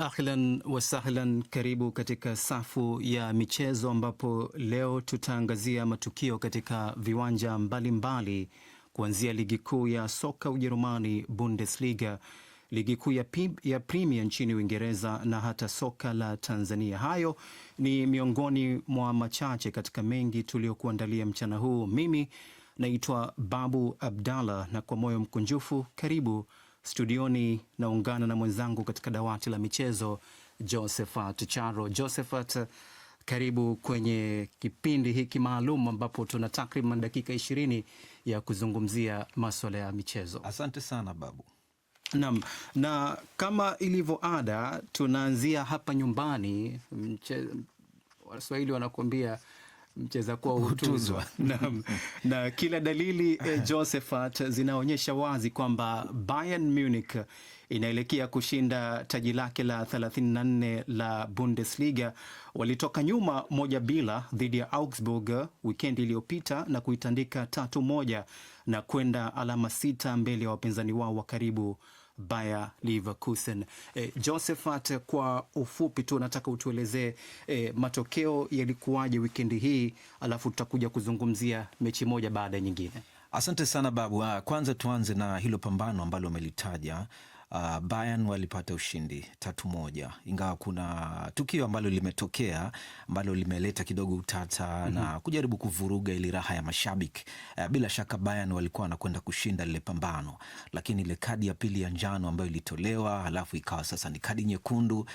Ahlan wasahlan, karibu katika safu ya michezo ambapo leo tutaangazia matukio katika viwanja mbalimbali kuanzia ligi kuu ya soka Ujerumani, Bundesliga, ligi kuu ya, ya Premier nchini Uingereza na hata soka la Tanzania. Hayo ni miongoni mwa machache katika mengi tuliyokuandalia mchana huu. Mimi naitwa Babu Abdallah na kwa moyo mkunjufu karibu Studioni naungana na mwenzangu katika dawati la michezo Josephat Charo. Josephat, karibu kwenye kipindi hiki maalum ambapo tuna takriban dakika ishirini ya kuzungumzia maswala ya michezo. Asante sana Babu. Naam, na kama ilivyo ada tunaanzia hapa nyumbani. Waswahili wanakuambia mcheza kuwa hutuzwa na, na kila dalili eh, Josephat zinaonyesha wazi kwamba Bayern Munich inaelekea kushinda taji lake la 34 la Bundesliga. Walitoka nyuma moja bila dhidi ya Augsburg wikendi iliyopita na kuitandika tatu moja na kwenda alama sita mbele ya wapinzani wao wa karibu Bayer Leverkusen. E, Josephat, kwa ufupi tu nataka utuelezee e, matokeo yalikuwaje wikendi hii, alafu tutakuja kuzungumzia mechi moja baada ya nyingine. Asante sana Babu. Ah, kwanza tuanze na hilo pambano ambalo umelitaja uh, Bayern walipata ushindi tatu moja, ingawa kuna tukio ambalo limetokea ambalo limeleta kidogo utata mm -hmm. na mhm. kujaribu kuvuruga ili raha ya mashabiki uh, bila shaka Bayern walikuwa wanakwenda kushinda lile pambano, lakini ile kadi ya pili ya njano ambayo ilitolewa halafu ikawa sasa ni kadi nyekundu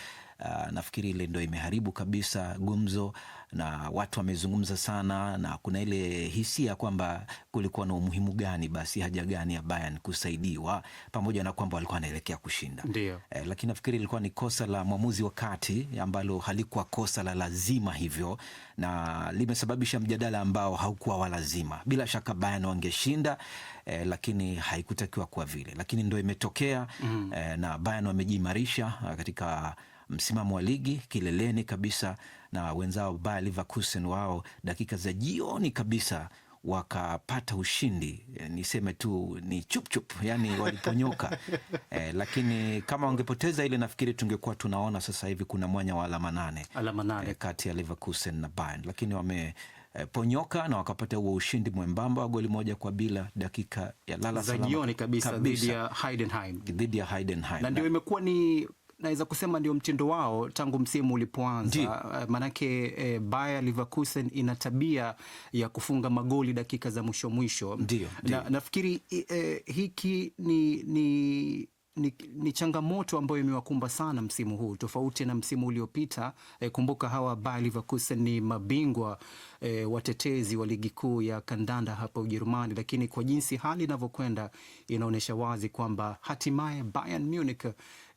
Uh, nafikiri ile ndo imeharibu kabisa gumzo na watu wamezungumza sana, na kuna ile hisia kwamba kulikuwa na umuhimu gani basi haja gani ya Bayern kusaidiwa, pamoja na kwamba walikuwa wanaelekea kushinda ndio. Eh, lakini nafikiri ilikuwa ni kosa la mwamuzi wa kati ambalo halikuwa kosa la lazima hivyo, na limesababisha mjadala ambao haukuwa wa lazima. Bila shaka Bayern wangeshinda eh, lakini haikutakiwa kuwa vile, lakini ndo imetokea mm. Eh, na Bayern wamejiimarisha ah, katika msimamo wa ligi kileleni kabisa, na wenzao Bayer Leverkusen wao dakika za jioni kabisa wakapata ushindi. Eh, niseme tu ni chupchup, chup, yani waliponyoka eh, lakini kama wangepoteza ile, nafikiri tungekuwa tunaona sasa hivi kuna mwanya wa alama nane, alama nane. Eh, kati ya Leverkusen na Bayern, lakini wame eh, ponyoka na wakapata huo ushindi mwembamba wa goli moja kwa bila dakika ya lala salama jioni kabisa dhidi ya Heidenheim, dhidi ya Heidenheim, na ndio imekuwa ni naweza kusema ndio mtindo wao tangu msimu ulipoanza, eh, manake e, Bayer Leverkusen ina tabia ya kufunga magoli dakika za mwisho mwisho. na, nafikiri e, hiki ni, ni ni, ni changamoto ambayo imewakumba sana msimu huu tofauti na msimu uliopita. E, kumbuka hawa Bayer Leverkusen ni mabingwa e, watetezi wa ligi kuu ya kandanda hapa Ujerumani, lakini kwa jinsi hali inavyokwenda inaonyesha wazi kwamba hatimaye Bayern Munich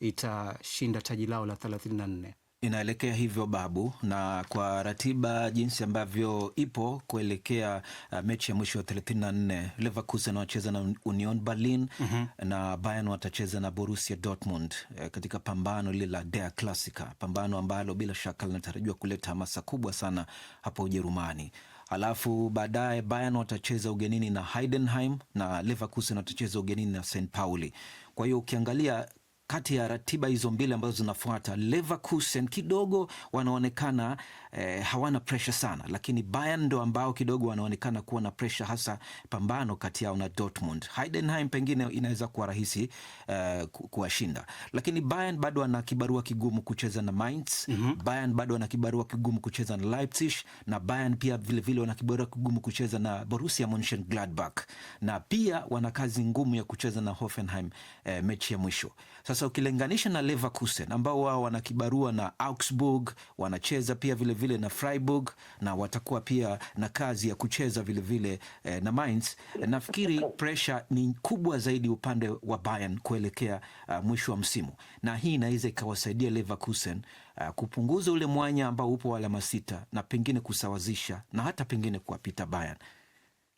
itashinda taji lao la 34. Inaelekea hivyo Babu, na kwa ratiba jinsi ambavyo ipo kuelekea uh, mechi ya mwisho ya 34, Leverkusen wanacheza na Union Berlin mm -hmm. na Bayern watacheza na Borussia Dortmund eh, katika pambano lile la Der Klassiker, pambano ambalo bila shaka linatarajiwa kuleta hamasa kubwa sana hapo Ujerumani. Alafu baadaye Bayern watacheza ugenini na Heidenheim na Leverkusen watacheza ugenini na St Pauli. Kwa hiyo ukiangalia kati ya ratiba hizo mbili ambazo zinafuata, Leverkusen kidogo wanaonekana eh, hawana presha sana, lakini Bayern ndo ambao kidogo wanaonekana kuwa na presha, hasa pambano kati yao na Dortmund. Heidenheim pengine inaweza kuwa rahisi eh, kuwashinda, lakini Bayern bado ana kibarua kigumu kucheza na Mainz. mm -hmm. Bayern bado ana kibarua kigumu kucheza na Leipzig, na Bayern pia vilevile wana kibarua kigumu kucheza na Borussia Monchengladbach, na pia wana kazi ngumu ya kucheza na Hoffenheim eh, mechi ya mwisho sasa sasa ukilinganisha na Leverkusen ambao wao wana kibarua na Augsburg, wanacheza pia vilevile vile na Freiburg na watakuwa pia na kazi ya kucheza vilevile vile, eh, na Mainz. Nafikiri pres ni kubwa zaidi upande wa Bayern kuelekea uh, mwisho wa msimu, na hii inaweza ikawasaidia Leverkusen uh, kupunguza ule mwanya ambao upo wa alama sita na pengine kusawazisha na hata pengine kuwapita Bayern.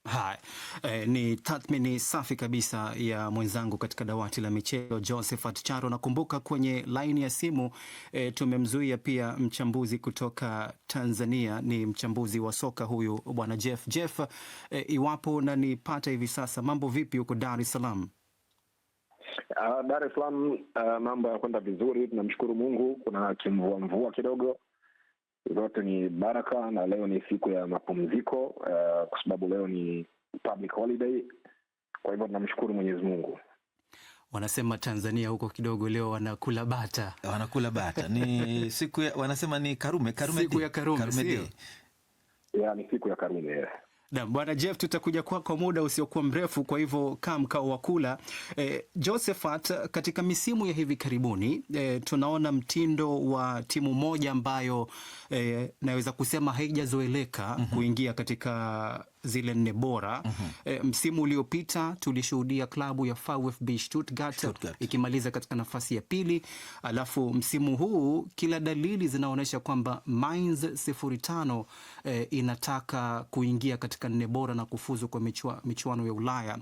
Hai, e, ni tathmini safi kabisa ya mwenzangu katika dawati la michezo Josephat Charo. Nakumbuka kwenye laini ya simu e, tumemzuia pia mchambuzi kutoka Tanzania, ni mchambuzi wa soka huyu bwana Jeff. Jeff, e, iwapo nipata hivi sasa, mambo vipi huko Dar es Salaam? Uh, Dar es Salaam uh, mambo ya vizuri, tunamshukuru Mungu. Kuna kimvua mvua kidogo zote ni baraka, na leo ni siku ya mapumziko uh, kwa sababu leo ni public holiday. Kwa hivyo tunamshukuru Mwenyezi Mungu. Wanasema Tanzania huko kidogo leo wanakula bata, wanakula bata ni siku ya, wanasema ni karume, karume siku ya karume, karume, karume ya, ni siku ya karume. Bwana Jeff, tutakuja kwako kwa muda usiokuwa mrefu, kwa hivyo kaa mkao wa kula. E, Josephat, katika misimu ya hivi karibuni e, tunaona mtindo wa timu moja ambayo e, naweza kusema haijazoeleka mm -hmm. kuingia katika zile nne bora mm -hmm. E, msimu uliopita tulishuhudia klabu ya VfB Stuttgart, Stuttgart ikimaliza katika nafasi ya pili, alafu msimu huu kila dalili zinaonyesha kwamba Mainz 05 e, eh, inataka kuingia katika nne bora na kufuzu kwa michuano ya Ulaya.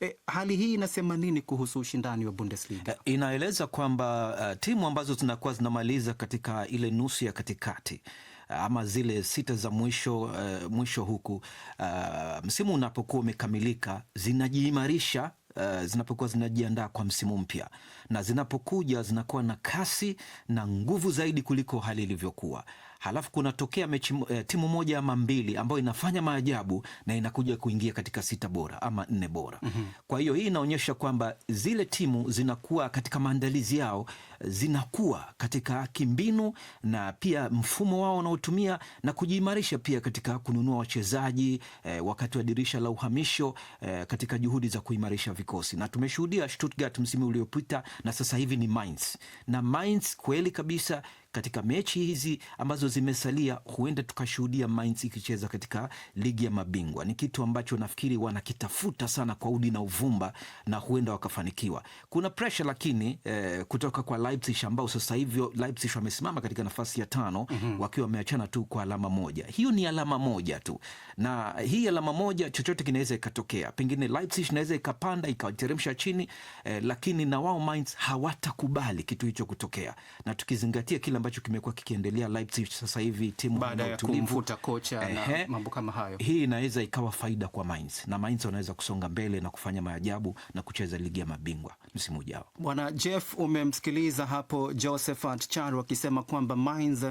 E, hali hii inasema nini kuhusu ushindani wa Bundesliga? Inaeleza kwamba uh, timu ambazo zinakuwa zinamaliza katika ile nusu ya katikati ama zile sita za mwisho, uh, mwisho huku uh, msimu unapokuwa umekamilika zinajiimarisha Uh, zinapokuwa zinajiandaa kwa msimu mpya na zinapokuja zinakuwa na kasi na nguvu zaidi kuliko hali ilivyokuwa halafu kunatokea mechi eh, timu moja ama mbili ambayo inafanya maajabu na inakuja kuingia katika sita bora ama nne bora. mm -hmm. Kwa hiyo hii inaonyesha kwamba zile timu zinakuwa katika maandalizi yao zinakuwa katika kimbinu na pia mfumo wao wanaotumia na kujiimarisha pia katika kununua wachezaji eh, wakati wa dirisha la uhamisho eh, katika juhudi za kuimarisha vikosi na tumeshuhudia Stuttgart msimu uliopita na sasa hivi ni Mainz na Mainz kweli kabisa katika mechi hizi ambazo zimesalia, huenda tukashuhudia Mainz ikicheza katika ligi ya mabingwa. Ni kitu ambacho nafikiri wanakitafuta sana kwa udi na uvumba, na huenda wakafanikiwa. Kuna presha lakini eh, kutoka kwa Leipzig ambao sasa hivi Leipzig wamesimama katika nafasi ya tano mm -hmm. wakiwa wameachana tu kwa alama moja. Hiyo ni alama moja tu, na hii alama moja, chochote kinaweza ikatokea. Pengine Leipzig inaweza ikapanda ikateremsha chini eh, lakini na wao Mainz hawatakubali kitu hicho kutokea, na tukizingatia kila ambacho kimekuwa kikiendelea Leipzig sasa hivi, timu baada ya kumfuta kocha na mambo kama hayo, hii inaweza ikawa faida kwa Mainz na Mainz wanaweza kusonga mbele na kufanya maajabu na kucheza ligi ya mabingwa msimu ujao. Bwana Jeff, umemsikiliza hapo Josephat Charu akisema kwamba Mainz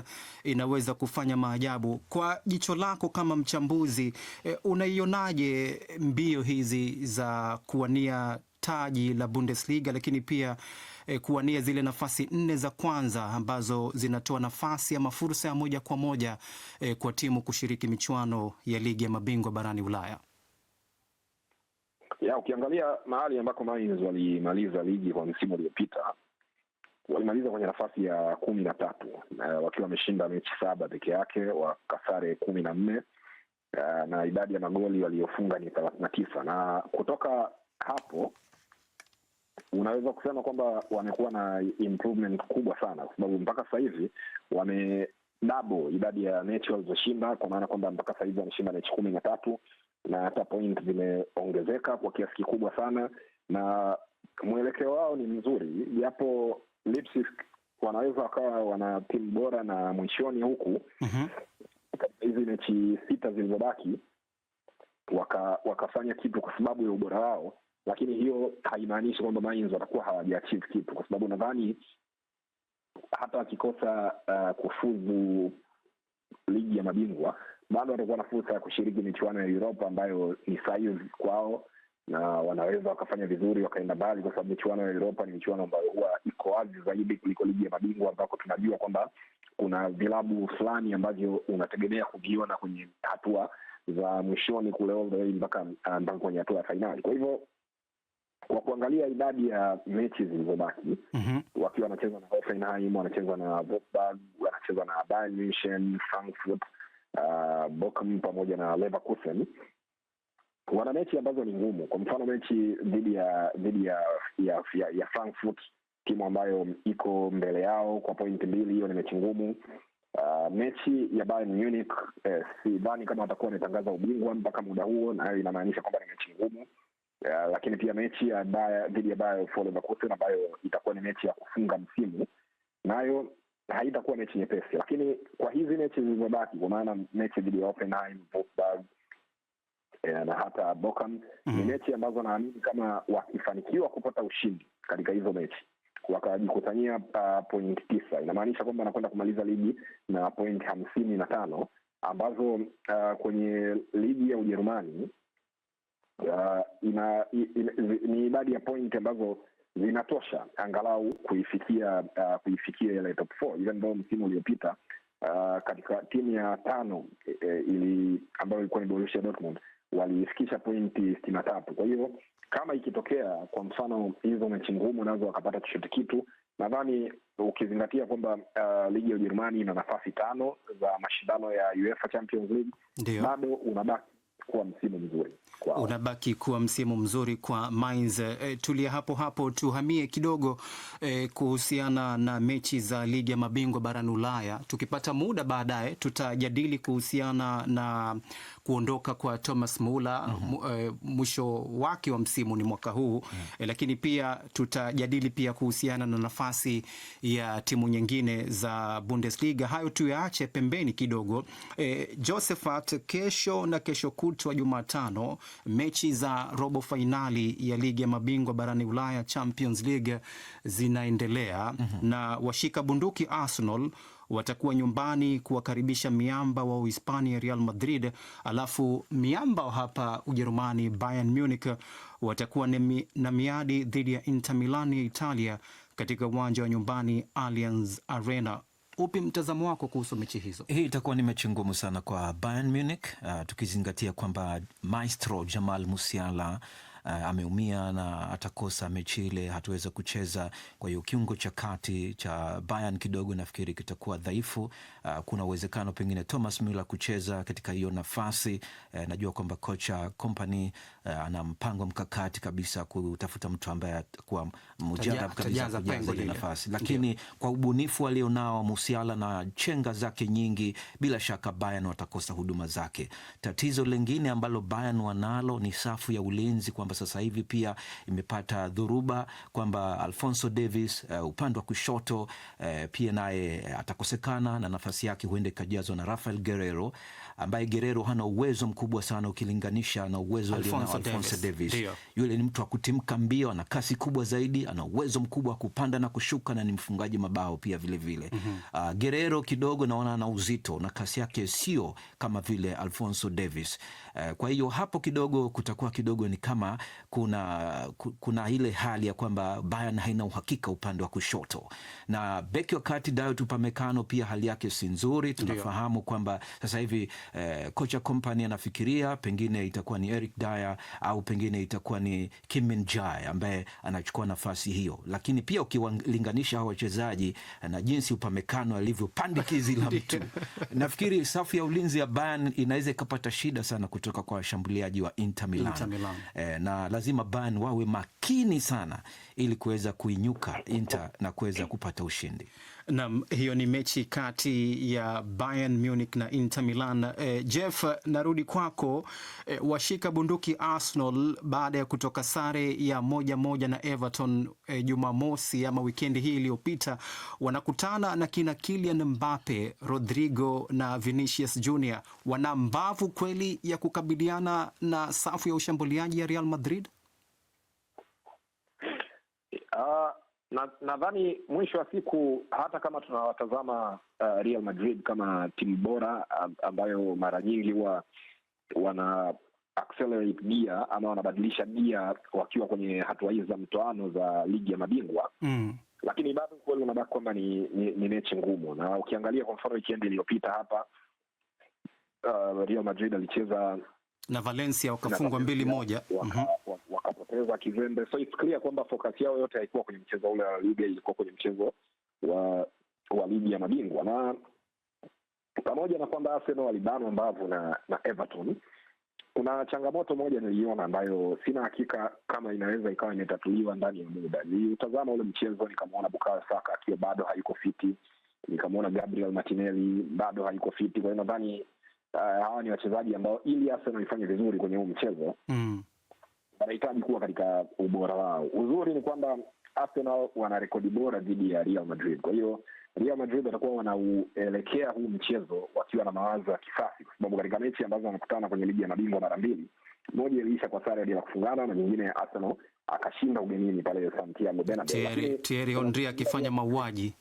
inaweza kufanya maajabu. Kwa jicho lako kama mchambuzi, e, unaionaje mbio hizi za kuwania taji la Bundesliga lakini pia e, kuwania zile nafasi nne za kwanza ambazo zinatoa nafasi ama fursa ya moja kwa moja e, kwa timu kushiriki michuano ya ligi ya mabingwa barani Ulaya. Ya, ukiangalia mahali ambako walimaliza ligi kwa msimu uliopita walimaliza kwenye nafasi ya kumi na tatu uh, wakiwa wameshinda mechi saba peke yake, wakasare kumi na nne uh, na idadi ya magoli waliofunga ni thelathini na tisa na kutoka hapo unaweza kusema kwamba wamekuwa na improvement kubwa sana, kwa sababu mpaka sasa hivi wame double idadi ya mechi walizoshinda, kwa maana kwamba mpaka sasa hivi wameshinda mechi kumi na tatu na hata point zimeongezeka kwa kiasi kikubwa sana, na mwelekeo wao ni mzuri, japo Leipzig wanaweza wakawa wana timu bora na mwishoni huku mm hizi mechi sita zilizobaki waka, wakafanya kitu kwa sababu ya ubora wao lakini hiyo haimaanishi kwamba Mainz watakuwa hawajaachieve kitu, kwa sababu nadhani hata wakikosa uh, kufuzu ligi ya mabingwa bado watakuwa na fursa ya kushiriki michuano ya Uropa ambayo ni sahihi kwao na wanaweza wakafanya vizuri wakaenda mbali, kwa sababu michuano ya Uropa ni michuano ambayo huwa iko wazi zaidi kuliko ligi ya mabingwa ambako tunajua kwamba kuna vilabu fulani ambavyo unategemea kuviona kwenye hatua za mwishoni kule all the way mpaka uh, mpaka kwenye hatua ya fainali. Kwa hivyo kwa kuangalia idadi ya mechi zilizobaki mm -hmm. wakiwa wanacheza na Hoffenheim, wanacheza na Wolfsburg, wanacheza na Bayern Frankfurt, uh, Bochum pamoja na Leverkusen wana mechi ambazo ni ngumu. Kwa mfano mechi dhidi ya dhidi ya ya, ya, ya Frankfurt, timu ambayo iko mbele yao kwa pointi mbili, hiyo ni mechi ngumu. Uh, mechi ya Bayern Munich eh, sidhani kama watakuwa wametangaza ubingwa mpaka muda huo, nayo inamaanisha kwamba ni mechi ngumu uh, lakini pia mechi ya dhidi ya Bayer Leverkusen ambayo itakuwa ni mechi ya kufunga msimu, nayo haitakuwa mechi nyepesi. Lakini kwa hizi mechi zilizobaki, kwa maana mechi dhidi ya Hoffenheim, Wolfsburg eh, na hata Bochum mm -hmm. ni mhm. mechi ambazo naamini kama wakifanikiwa kupata ushindi katika hizo mechi wakajikusanyia uh, ah, point tisa inamaanisha kwamba anakwenda kumaliza ligi na point hamsini na tano ambazo uh, kwenye ligi ya Ujerumani uh, ina, ina, ni idadi ya point ambazo zinatosha angalau kuifikia uh, kuifikia ile top 4 even though msimu uliopita uh, katika timu ya tano e, e, ili ambayo ilikuwa ni Borussia Dortmund waliifikisha pointi sitini na tatu. Kwa hiyo kama ikitokea kwa mfano hizo mechi ngumu nazo wakapata chochote kitu, nadhani ukizingatia kwamba uh, ligi ya Ujerumani ina nafasi tano za mashindano ya UEFA Champions League, bado unabaki kuwa msimu mzuri. Wow. Unabaki kuwa msimu mzuri kwa Mainz. E, eh, tulia hapo hapo, tuhamie kidogo e, kuhusiana na mechi za ligi ya mabingwa barani Ulaya. Tukipata muda baadaye tutajadili kuhusiana na kuondoka kwa Thomas Muller mm -hmm. mwisho wake wa msimu ni mwaka huu mm -hmm. Lakini pia tutajadili pia kuhusiana na nafasi ya timu nyingine za Bundesliga. Hayo tuyaache pembeni kidogo. E, Josephat, kesho na kesho kutwa Jumatano mechi za robo fainali ya ligi ya mabingwa barani Ulaya Champions League zinaendelea mm -hmm. na washika bunduki Arsenal watakuwa nyumbani kuwakaribisha miamba wa Uhispania Real Madrid, alafu miamba hapa Ujerumani Bayern Munich watakuwa na miadi dhidi ya Inter Milan ya Italia katika uwanja wa nyumbani Allianz Arena. Upi mtazamo wako kuhusu mechi hizo? Hii itakuwa ni mechi ngumu sana kwa Bayern Munich, uh, tukizingatia kwamba maestro Jamal Musiala uh, ameumia na atakosa mechi ile, hatuweza kucheza. Kwa hiyo kiungo cha kati cha Bayern kidogo nafikiri kitakuwa dhaifu. Uh, kuna uwezekano pengine Thomas Muller kucheza katika hiyo nafasi. Uh, najua kwamba kocha Kompany Eh, ana mpango mkakati kabisa kutafuta mtu ambaye kuwa mujadab kabisa kujaza ile nafasi, lakini Ndiyo. kwa ubunifu alionao Musiala na chenga zake nyingi, bila shaka Bayern watakosa huduma zake. Tatizo lingine ambalo Bayern wanalo ni safu ya ulinzi, kwamba sasa hivi pia imepata dhuruba kwamba Alfonso Davis uh, eh, upande wa kushoto uh, pia naye atakosekana na nafasi yake huenda ikajazwa na Rafael Guerrero ambaye Guerrero hana uwezo mkubwa sana ukilinganisha na uwezo alionao Alphonso Davis. Davis. Yule ni mtu wa kutimka mbio, ana kasi kubwa zaidi, ana uwezo mkubwa wa kupanda na kushuka na ni mfungaji mabao pia vile vile. mm -hmm. Uh, Guerrero kidogo naona ana uzito na kasi yake sio kama vile alfonso davis Eh, kwa hiyo hapo kidogo kutakuwa kidogo ni kama kuna, kuna ile hali ya kwamba Bayern haina uhakika upande wa kushoto na beki wa kati Dayot Upamecano pia hali yake si nzuri. Tunafahamu kwamba sasa hivi eh, kocha Kompany anafikiria pengine itakuwa ni Eric Dyer au pengine itakuwa ni Kim Min Jae ambaye anachukua nafasi hiyo, lakini pia ukiwalinganisha hawa wachezaji eh, na jinsi Upamecano alivyo pandikizi la mtu nafikiri safu ya ulinzi ya Bayern inaweza ikapata shida sana kutu kutoka kwa washambuliaji wa Inter Milan, Inter Milan. E, na lazima Bayern wawe makini sana ili kuweza kuinyuka Inter na kuweza kupata ushindi. Naam, hiyo ni mechi kati ya Bayern Munich na Inter Milan. E, Jeff, narudi kwako. E, washika bunduki Arsenal baada ya kutoka sare ya moja moja na Everton e, Jumamosi ama wikendi hii iliyopita, wanakutana na kina Kylian Mbappe, Rodrigo na Vinicius Junior. Wana mbavu kweli ya kukabiliana na safu ya ushambuliaji ya Real Madrid? Uh nadhani na mwisho wa siku hata kama tunawatazama uh, Real Madrid kama timu bora ambayo mara nyingi huwa wana accelerate ama wanabadilisha gia wakiwa kwenye hatua hizi za mtoano za ligi ya mabingwa mm. Lakini bado kweli unabaki kwamba ni, ni, ni mechi ngumu, na ukiangalia kwa mfano ikiendi iliyopita hapa uh, Real Madrid alicheza na Valencia wakafungwa mbili moja waka, mm -hmm. waka, za kizembe, so it's clear kwamba focus yao yote haikuwa kwenye mchezo ule wa liga, ilikuwa kwenye mchezo wa wa ligi ya mabingwa, na pamoja na kwamba Arsenal walibanwa mbavu na na Everton, kuna changamoto moja niliona ambayo sina hakika kama inaweza ikawa imetatuliwa ndani ya muda. Niliutazama ule mchezo nikamwona Bukayo Saka akiwa bado haiko fiti, nikamwona Gabriel Martinelli bado haiko fiti. Kwa hiyo nadhani uh, hawa ni wachezaji ambao ili Arsenal ifanye vizuri kwenye huu mchezo mm wanahitaji kuwa katika ubora wao. Uzuri ni kwamba Arsenal wana rekodi bora dhidi ya Real Madrid, kwa hiyo Real Madrid watakuwa wanauelekea huu mchezo wakiwa na mawazo ya kisasi, kwa sababu katika mechi ambazo wanakutana kwenye ligi ya mabingwa mara mbili, moja iliisha kwa sare ya kufungana na nyingine Arsenal akashinda ugenini pale Santiago Bernabeu, Thierry Henry akifanya mauaji.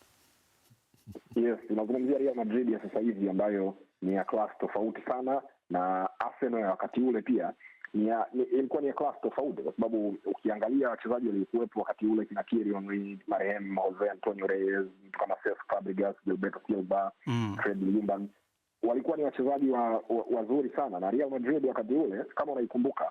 Yes, tunazungumzia Real Madrid ya sasa hivi ambayo ni ya klasi tofauti sana na Arsenal ya wakati ule pia ni ni, ilikuwa ni ya class tofauti, kwa sababu ukiangalia wachezaji waliokuwepo wakati ule kina Thierry Henry, marehemu Jose Antonio Reyes, mtu kama Cesc Fabregas, Gilberto Silva, mm. Fred walikuwa ni wachezaji wazuri wa, wazuri sana na Real Madrid wakati ule, kama unaikumbuka,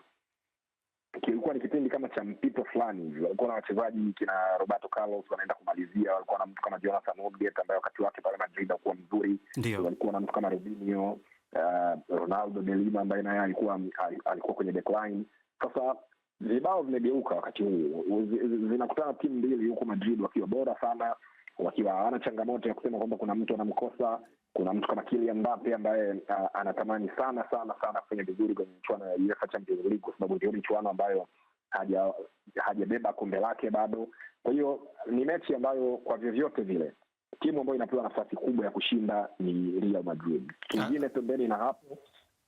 kilikuwa ni kipindi kama cha mpito fulani hivi. Walikuwa na wachezaji kina Roberto Carlos wanaenda kumalizia, walikuwa na mtu kama Jonathan Woodgate ambaye wakati wake pale Madrid hakuwa mzuri, walikuwa na mtu kama Robinho uh, Ronaldo de Lima ambaye naye alikuwa alikuwa kwenye decline. Sasa vibao vimegeuka wakati huu, zinakutana timu mbili, huku Madrid wakiwa bora sana, wakiwa hawana changamoto ya kusema kwamba kuna mtu anamkosa. Kuna mtu kama Kylian Mbappe ambaye uh, anatamani sana sana sana kufanya vizuri kwenye michuano ya UEFA Champions League kwa sababu ndio michuano ambayo hajabeba haja kombe lake bado. Kwa hiyo ni mechi ambayo kwa vyovyote vile timu ambayo inapewa nafasi kubwa ya kushinda ni Real Madrid. Kingine ah. pembeni na hapo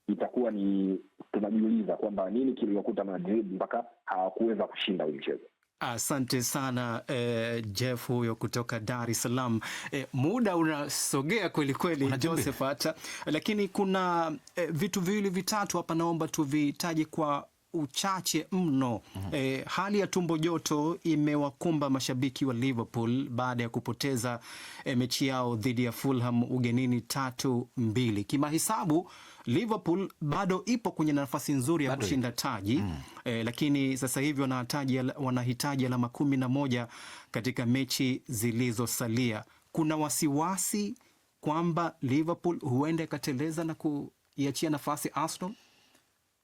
itakuwa ni tunajiuliza kwamba nini kiliyokuta Madrid mpaka hawakuweza kushinda huu mchezo. Asante sana eh, Jeff huyo kutoka Dar es Salaam. Eh, muda unasogea kweli kweli, Joseph hata lakini kuna eh, vitu viwili vitatu hapa naomba tuvitaje kwa uchache mno. mm -hmm. E, hali ya tumbo joto imewakumba mashabiki wa Liverpool baada ya kupoteza e, mechi yao dhidi ya Fulham ugenini tatu mbili. Kimahesabu Liverpool bado ipo kwenye nafasi nzuri ya bado kushinda taji mm. E, lakini sasa hivi wanahitaji wanahitaji alama kumi na moja katika mechi zilizosalia. Kuna wasiwasi kwamba Liverpool huenda ikateleza na kuiachia nafasi Arsenal.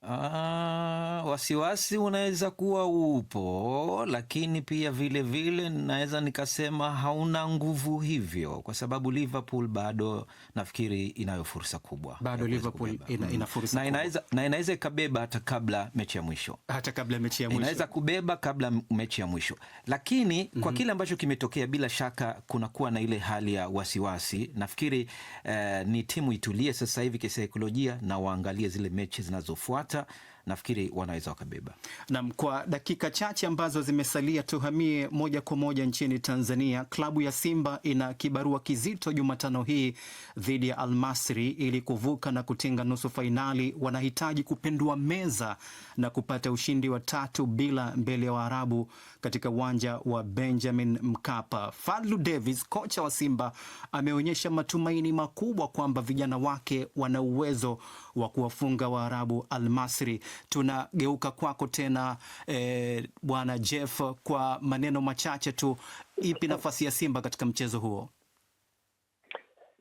Ah, wasiwasi unaweza kuwa upo, lakini pia vile vile naweza nikasema hauna nguvu hivyo, kwa sababu Liverpool bado nafikiri inayo fursa kubwa, bado Liverpool ina, ina mm-hmm. fursa na inaweza na inaweza ikabeba hata kabla mechi ya mwisho, hata kabla mechi ya mwisho inaweza kubeba kabla mechi ya mwisho, lakini mm -hmm. kwa mm-hmm. kile ambacho kimetokea, bila shaka kunakuwa na ile hali ya wasiwasi. Nafikiri eh, ni timu itulie sasa hivi kisaikolojia na waangalie zile mechi zinazofuata Ça. nafikiri wanaweza wakabeba. Naam, kwa dakika chache ambazo zimesalia, tuhamie moja kwa moja nchini Tanzania. Klabu ya Simba ina kibarua kizito Jumatano hii dhidi ya Almasri. Ili kuvuka na kutinga nusu fainali, wanahitaji kupendua meza na kupata ushindi wa tatu bila mbele ya wa Waarabu katika uwanja wa Benjamin Mkapa. Fadlu Davis, kocha wa Simba, ameonyesha matumaini makubwa kwamba vijana wake wana uwezo wa kuwafunga Waarabu Almasri tunageuka kwako tena eh, Bwana Jeff, kwa maneno machache tu, ipi nafasi ya Simba katika mchezo huo?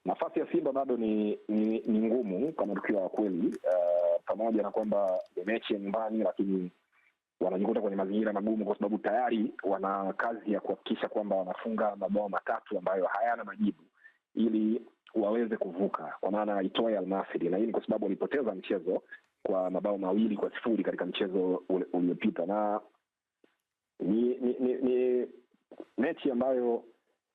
Nafasi ya Simba bado ni, ni, ni ngumu kama tukiwa kweli uh, pamoja na kwamba ni mechi ya nyumbani, lakini wanajikuta kwenye mazingira magumu kwa sababu tayari wana kazi ya kuhakikisha kwamba wanafunga mabao matatu ambayo hayana majibu ili waweze kuvuka, kwa maana itoe almasiri na hii ni kwa sababu walipoteza mchezo kwa mabao mawili kwa sifuri katika mchezo uliopita, na ni, ni, ni, ni mechi ambayo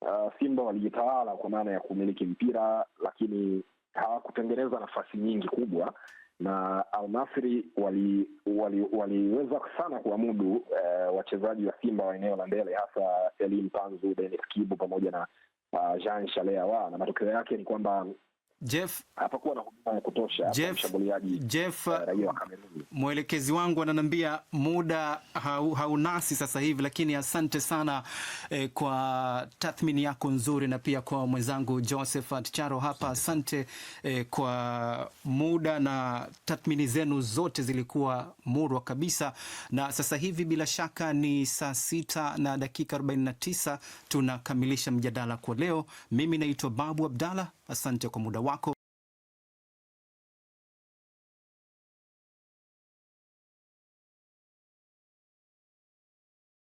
uh, Simba walijitawala kwa maana ya kumiliki mpira, lakini hawakutengeneza nafasi nyingi kubwa na Almasri waliweza wali, wali sana kuamudu uh, wachezaji wa Simba wa eneo la mbele hasa Elim Panzu, Denis Kibu pamoja na uh, Jean Shaleawa, na matokeo yake ni kwamba Jeff, hapakuwa na huduma ya kutosha Jeff, mshambuliaji Jeff, eh, raia wa Kameruni. Mwelekezi wangu ananiambia muda haunasi sasa hivi, lakini asante sana eh, kwa tathmini yako nzuri na pia kwa mwenzangu Josephat Charo hapa asante eh, kwa muda na tathmini zenu zote zilikuwa murwa kabisa. Na sasa hivi bila shaka ni saa sita na dakika 49 tunakamilisha mjadala kwa leo. Mimi naitwa Babu Abdalla, asante kwa muda wako.